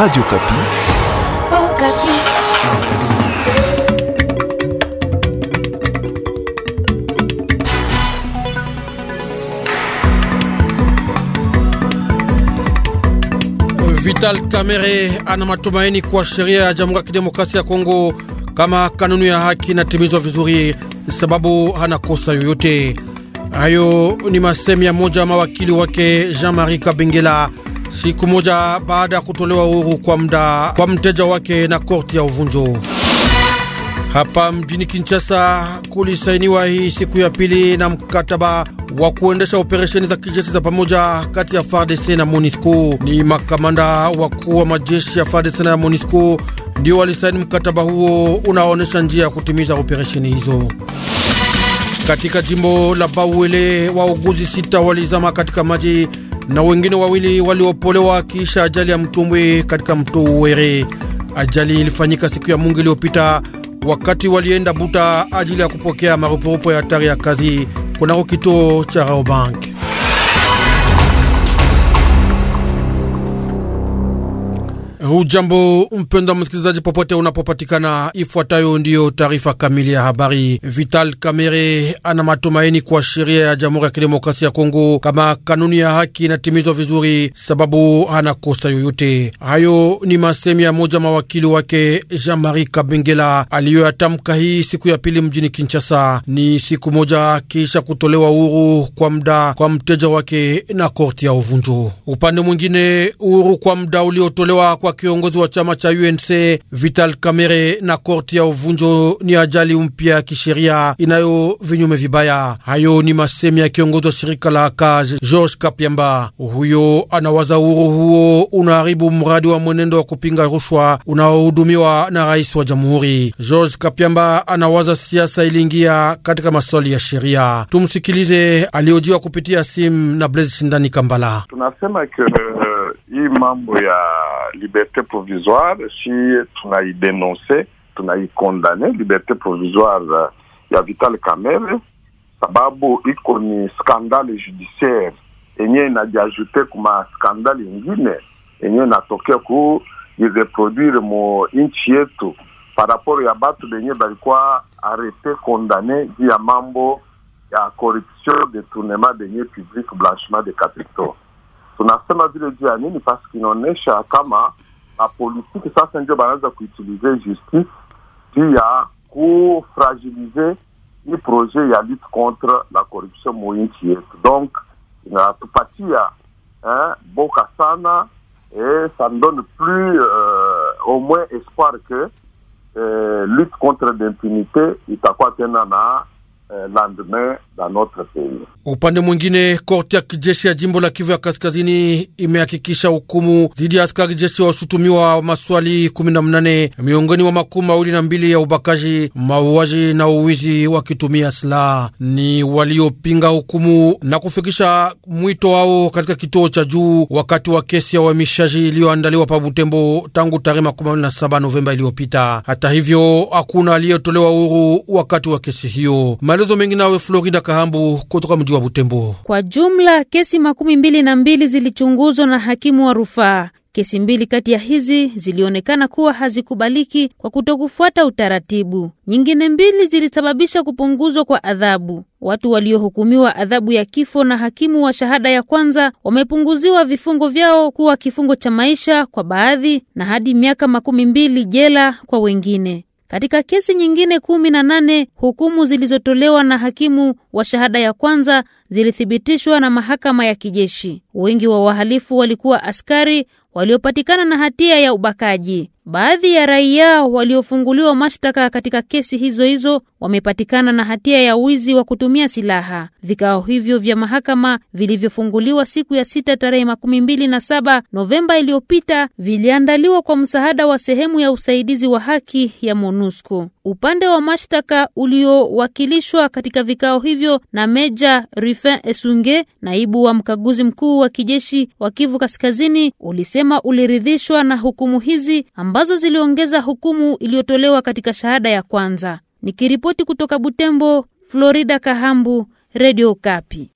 Radio Kapi. Oh, Kapi. Vital Kamerhe ana matumaini kwa sheria ya Jamhuri ya Kidemokrasia ya Kongo kama kanuni ya haki inatimizwa vizuri, sababu hana kosa yoyote. Hayo ni masemi ya moja mawakili wake Jean-Marie Kabengela siku moja baada ya kutolewa uhuru kwa muda kwa mteja wake na korti ya uvunjo. Hapa mjini Kinshasa kulisainiwa hii siku ya pili na mkataba wa kuendesha operesheni za kijeshi za pamoja kati ya FARDC na MONUSCO. Ni makamanda wakuu wa majeshi ya FARDC na MONUSCO ndio walisaini mkataba huo unaoonyesha njia ya kutimiza operesheni hizo. Katika jimbo la Bauele, wauguzi sita walizama katika maji na wengine wawili waliopolewa kisha ajali ya mtumbwi katika mto Uwere. Ajali ilifanyika siku ya Mungu iliyopita wakati walienda Buta ajili ya kupokea marupurupo ya hatari ya kazi kunako kituo cha Raobank. Ujambo wa msikilizaji, popote unapopatikana, ifuatayo ndiyo taarifa kamili ya habari. Vital Kamerhe ana matumaini kwa sheria ya Jamhuri ya Kidemokrasia ya Kongo kama kanuni ya haki inatimizwa vizuri, sababu hana kosa yoyote. Hayo ni masemi ya moja mawakili wake Jean Marie Kabengela aliyoyatamka hii siku ya pili mjini Kinshasa, ni siku moja kisha kutolewa uhuru kwa mda kwa mteja wake na korti ya uvunjo. Upande mwingine, uhuru kwa mda uliotolewa kwa kiongozi wa chama cha UNC Vital Kamerhe na korti ya uvunjo ni ajali mpya ya kisheria inayo vinyume vibaya. Hayo ni masemi ya kiongozi wa shirika la kaz George Kapyamba. Huyo anawaza uhuru huo unaharibu mradi wa mwenendo wa kupinga rushwa unaohudumiwa na rais wa jamhuri. George Kapyamba anawaza siasa iliingia katika maswali ya sheria. Tumsikilize, aliojiwa kupitia simu na Blaise Shindani Kambala. Tunasema ke eh, hii mambo ya liberté provisoire, si tunaidénoncer, tunaikondane liberté provisoire euh, ya Vital Kamerhe sababu iko ni skandale judiciaire yenyewe inajiajute kuma skandale ingine enye inatokea ku ireproduire mu nchi yetu paraporo ya batu benye balikuwa arete kondane juu ya mambo ya corruption detournement benye public blanchement de capitaux tunasema vile juu ya nini? Paski inaonyesha kama na politiki sasa ndio banaweza kuutilize justice juu ya kufragilize hii proje ya lutte contre la corruption muinchi yetu, donc inatupatia eh, boka sana et ça ne donne plus euh, au moins espoir que eh, lutte contre l'impunité itakuwa tena na Eh, lendemain dans notre pays. Upande mwingine, korti ya kijeshi ya jimbo la Kivu ya kaskazini imehakikisha hukumu dhidi ya askari jeshi washutumiwa maswali 18 miongoni wa makumi mawili na mbili ya ubakaji, mauaji na uwizi wakitumia silaha. Ni waliopinga hukumu na kufikisha mwito wao katika kituo cha juu wakati wa kesi ya uhamishaji iliyoandaliwa pa Butembo tangu tarehe 27 Novemba iliyopita. Hata hivyo, hakuna aliyetolewa huru wakati wa kesi hiyo. Maelezo mengi nawe Florida Kahambu kutoka mji wa Butembo. Kwa jumla kesi makumi mbili na mbili zilichunguzwa na hakimu wa rufaa. Kesi mbili kati ya hizi zilionekana kuwa hazikubaliki kwa kutokufuata utaratibu. Nyingine mbili zilisababisha kupunguzwa kwa adhabu. Watu waliohukumiwa adhabu ya kifo na hakimu wa shahada ya kwanza wamepunguziwa vifungo vyao kuwa kifungo cha maisha kwa baadhi na hadi miaka makumi mbili jela kwa wengine. Katika kesi nyingine kumi na nane hukumu zilizotolewa na hakimu wa shahada ya kwanza zilithibitishwa na mahakama ya kijeshi. Wengi wa wahalifu walikuwa askari waliopatikana na hatia ya ubakaji. Baadhi ya raia waliofunguliwa mashtaka katika kesi hizo hizo wamepatikana na hatia ya wizi wa kutumia silaha. Vikao hivyo vya mahakama vilivyofunguliwa siku ya sita tarehe makumi mbili na saba Novemba iliyopita viliandaliwa kwa msaada wa sehemu ya usaidizi wa haki ya MONUSCO. Upande wa mashtaka uliowakilishwa katika vikao hivyo na Meja Rufin Esunge, naibu wa mkaguzi mkuu wa kijeshi wa Kivu Kaskazini, ulisema uliridhishwa na hukumu hizi ambazo ziliongeza hukumu iliyotolewa katika shahada ya kwanza. Nikiripoti kutoka Butembo, Florida Kahambu, Radio Kapi.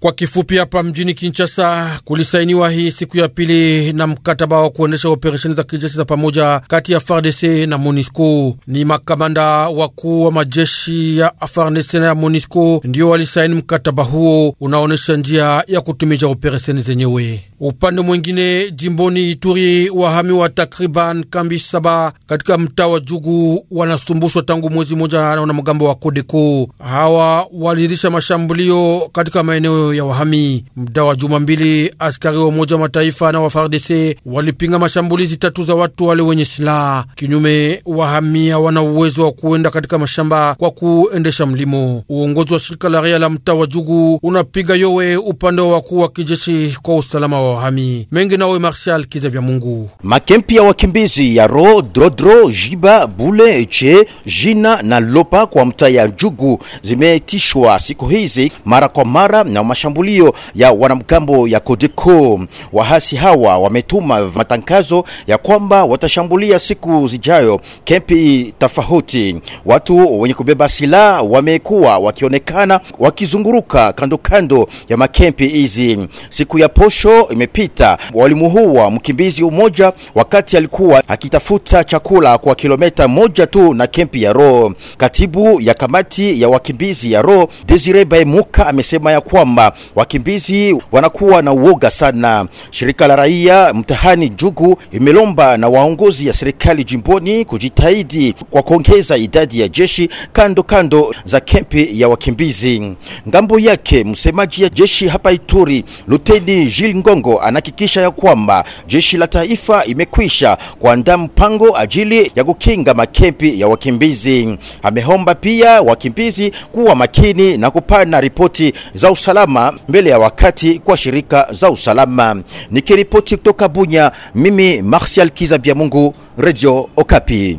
Kwa kifupi, hapa mjini Kinshasa kulisainiwa hii siku ya pili na mkataba wa kuendesha operesheni za kijeshi za pamoja kati ya FARDC na MONUSCO. Ni makamanda wakuu wa majeshi ya FARDC na ya MONUSCO ndiyo walisaini mkataba huo unaonyesha njia ya kutumisha operesheni zenyewe. Upande mwingine, jimboni Ituri, wahami wa takriban kambi saba katika mtaa wa Jugu wanasumbushwa tangu mwezi mmoja na wanamgambo wa Kodeko. Hawa walirisha mashambulio katika maeneo ya wahami. Mda wa juma mbili, askari wa Umoja wa Mataifa na wa FARDC walipinga mashambulizi tatu za watu wale wenye silaha. Kinyume, wahami hawana uwezo wa kuenda katika mashamba kwa kuendesha mlimo. Uongozi wa shirika la raia la mtaa wa Jugu unapiga yowe upande wa wakuu wa kijeshi kwa usalama wa wahami. Mengi nawe Marshal vya Mungu. Makempi ya wakimbizi ya Ro, Drodro, Jiba, Bule, Che, Jina na Lopa kwa mtaa ya Jugu zimeitishwa siku hizi mara kwa mara na mashambulio ya wanamgambo ya Kodeko. Wahasi hawa wametuma matangazo ya kwamba watashambulia siku zijayo kempi tofauti. Watu wenye kubeba silaha wamekuwa wakionekana wakizunguruka kando kando ya makempi hizi. Siku ya posho imepita, walimuua mkimbizi umoja wakati alikuwa akitafuta chakula kwa kilomita moja tu na kempi ya Ro. Katibu ya kamati ya wakimbizi ya Ro, Desire Baimuka, amesema ya kwamba wakimbizi wanakuwa na uoga sana. Shirika la raia mtahani Jugu imelomba na waongozi ya serikali jimboni kujitahidi kwa kuongeza idadi ya jeshi kando kando za kempi ya wakimbizi. Ngambo yake msemaji ya jeshi hapa Ituri Luteni Jil Ngongo anahakikisha ya kwamba jeshi la taifa imekwisha kuandaa mpango ajili ya kukinga makempi ya wakimbizi. Ameomba pia wakimbizi kuwa makini na kupana ripoti za usalama usalama mbele ya wakati kwa shirika za usalama. Nikiripoti kutoka Bunya, mimi Martial Kiza Bya Mungu, Radio Okapi.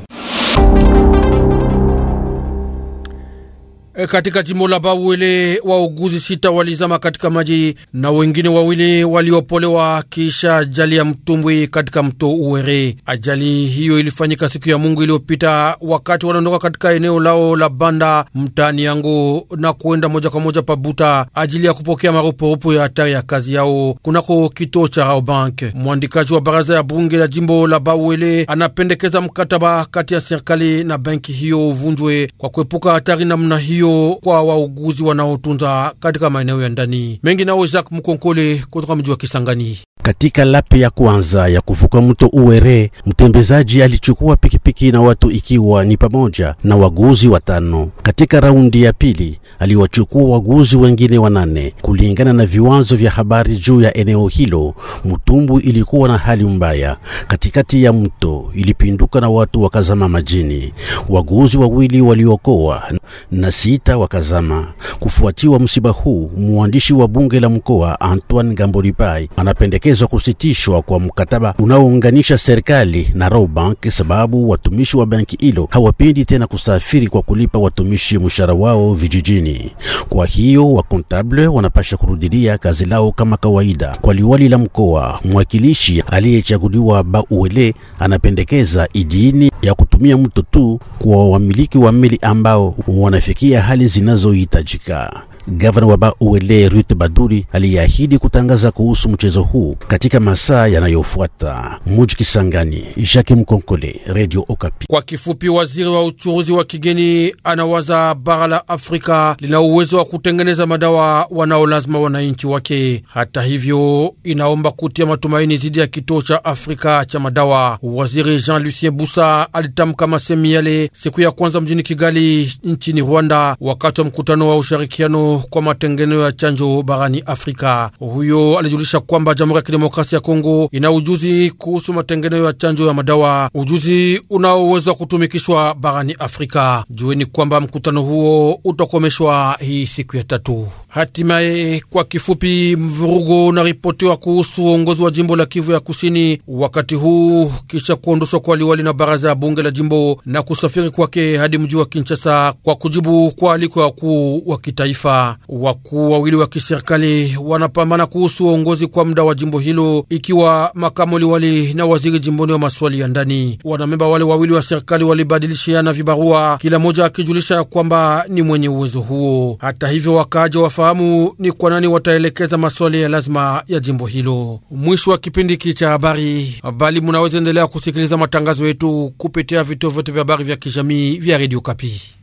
E, katika jimbo la Bauele wauguzi sita walizama katika maji na wengine wawili waliopolewa kisha ajali ya mtumbwi katika mto Uwere. Ajali hiyo ilifanyika siku ya Mungu iliyopita wakati wanaondoka katika eneo lao la Banda mtaani yangu na kuenda moja kwa moja Pabuta ajili ya kupokea marupurupu ya hatari ya kazi yao kunako kituo cha Raobank. Mwandikaji wa baraza ya bunge la jimbo la Bauele anapendekeza mkataba kati ya serikali na benki hiyo uvunjwe kwa kuepuka hatari namna hiyo hiyo kwa wauguzi wanaotunza katika maeneo ya ndani mengi. Nao Jacques Mkonkole kutoka mji wa Kisangani. Katika lape ya kwanza ya kuvuka mto Uwere, mtembezaji alichukua pikipiki na watu ikiwa ni pamoja na waguzi watano. Katika raundi ya pili aliwachukua waguzi wengine wanane. Kulingana na viwanzo vya habari juu ya eneo hilo, mtumbwi ilikuwa na hali mbaya, katikati ya mto ilipinduka na watu wakazama majini. Waguzi wawili waliokoa na si sita wakazama. Kufuatiwa msiba huu, mwandishi wa bunge la mkoa Antoine Gambolipai anapendekezwa kusitishwa kwa mkataba unaounganisha serikali na Bank sababu watumishi wa benki hilo hawapendi tena kusafiri kwa kulipa watumishi mshahara wao vijijini. Kwa hiyo wakontable wanapasha kurudilia kazi lao kama kawaida. Kwa liwali la mkoa, mwakilishi aliyechaguliwa Bauele anapendekeza idini ya kutumia mtu tu kwa wamiliki wa meli ambao wanafikia hali zinazohitajika. Gavana wa bauele Rute Baduri aliyeahidi kutangaza kuhusu mchezo huu katika masaa yanayofuata. Muji Kisangani, Jacques Mkonkole, Radio Okapi. Kwa kifupi, waziri wa uchuruzi wa kigeni anawaza bara la Afrika lina uwezo wa kutengeneza madawa wanaolazima wananchi wake. Hata hivyo, inaomba kutia matumaini zidi ya kituo cha Afrika cha madawa. Waziri Jean-Lucien Busa alitamka masemi yale siku ya kwanza mjini Kigali nchini Rwanda wakati wa mkutano wa ushirikiano kwa matengenezo ya chanjo barani Afrika. Huyo alijulisha kwamba Jamhuri ya Kidemokrasia ya Kongo ina ujuzi kuhusu matengenezo ya chanjo ya madawa, ujuzi unaoweza kutumikishwa barani Afrika. Jueni kwamba mkutano huo utakomeshwa hii siku ya tatu. Hatimaye, kwa kifupi, mvurugo unaripotiwa kuhusu uongozi wa jimbo la Kivu ya Kusini wakati huu kisha kuondoshwa kwa liwali na baraza ya bunge la jimbo na kusafiri kwake hadi mji wa Kinshasa kwa kujibu kwa aliko ya wakuu wa kitaifa. Wakuu wawili wa kiserikali wanapambana kuhusu uongozi kwa muda wa jimbo hilo, ikiwa makamu liwali na waziri jimboni wa maswali ya ndani. Wanamemba wale wawili wa serikali walibadilishiana vibarua, kila mmoja akijulisha ya kwamba ni mwenye uwezo huo. Hata hivyo, wakaaji wafahamu ni kwa nani wataelekeza maswali ya lazima ya jimbo hilo. Mwisho wa kipindi hiki cha habari, bali munaweza endelea kusikiliza matangazo yetu kupitia vituo vyote vya habari vya kijamii vya redio Kapi.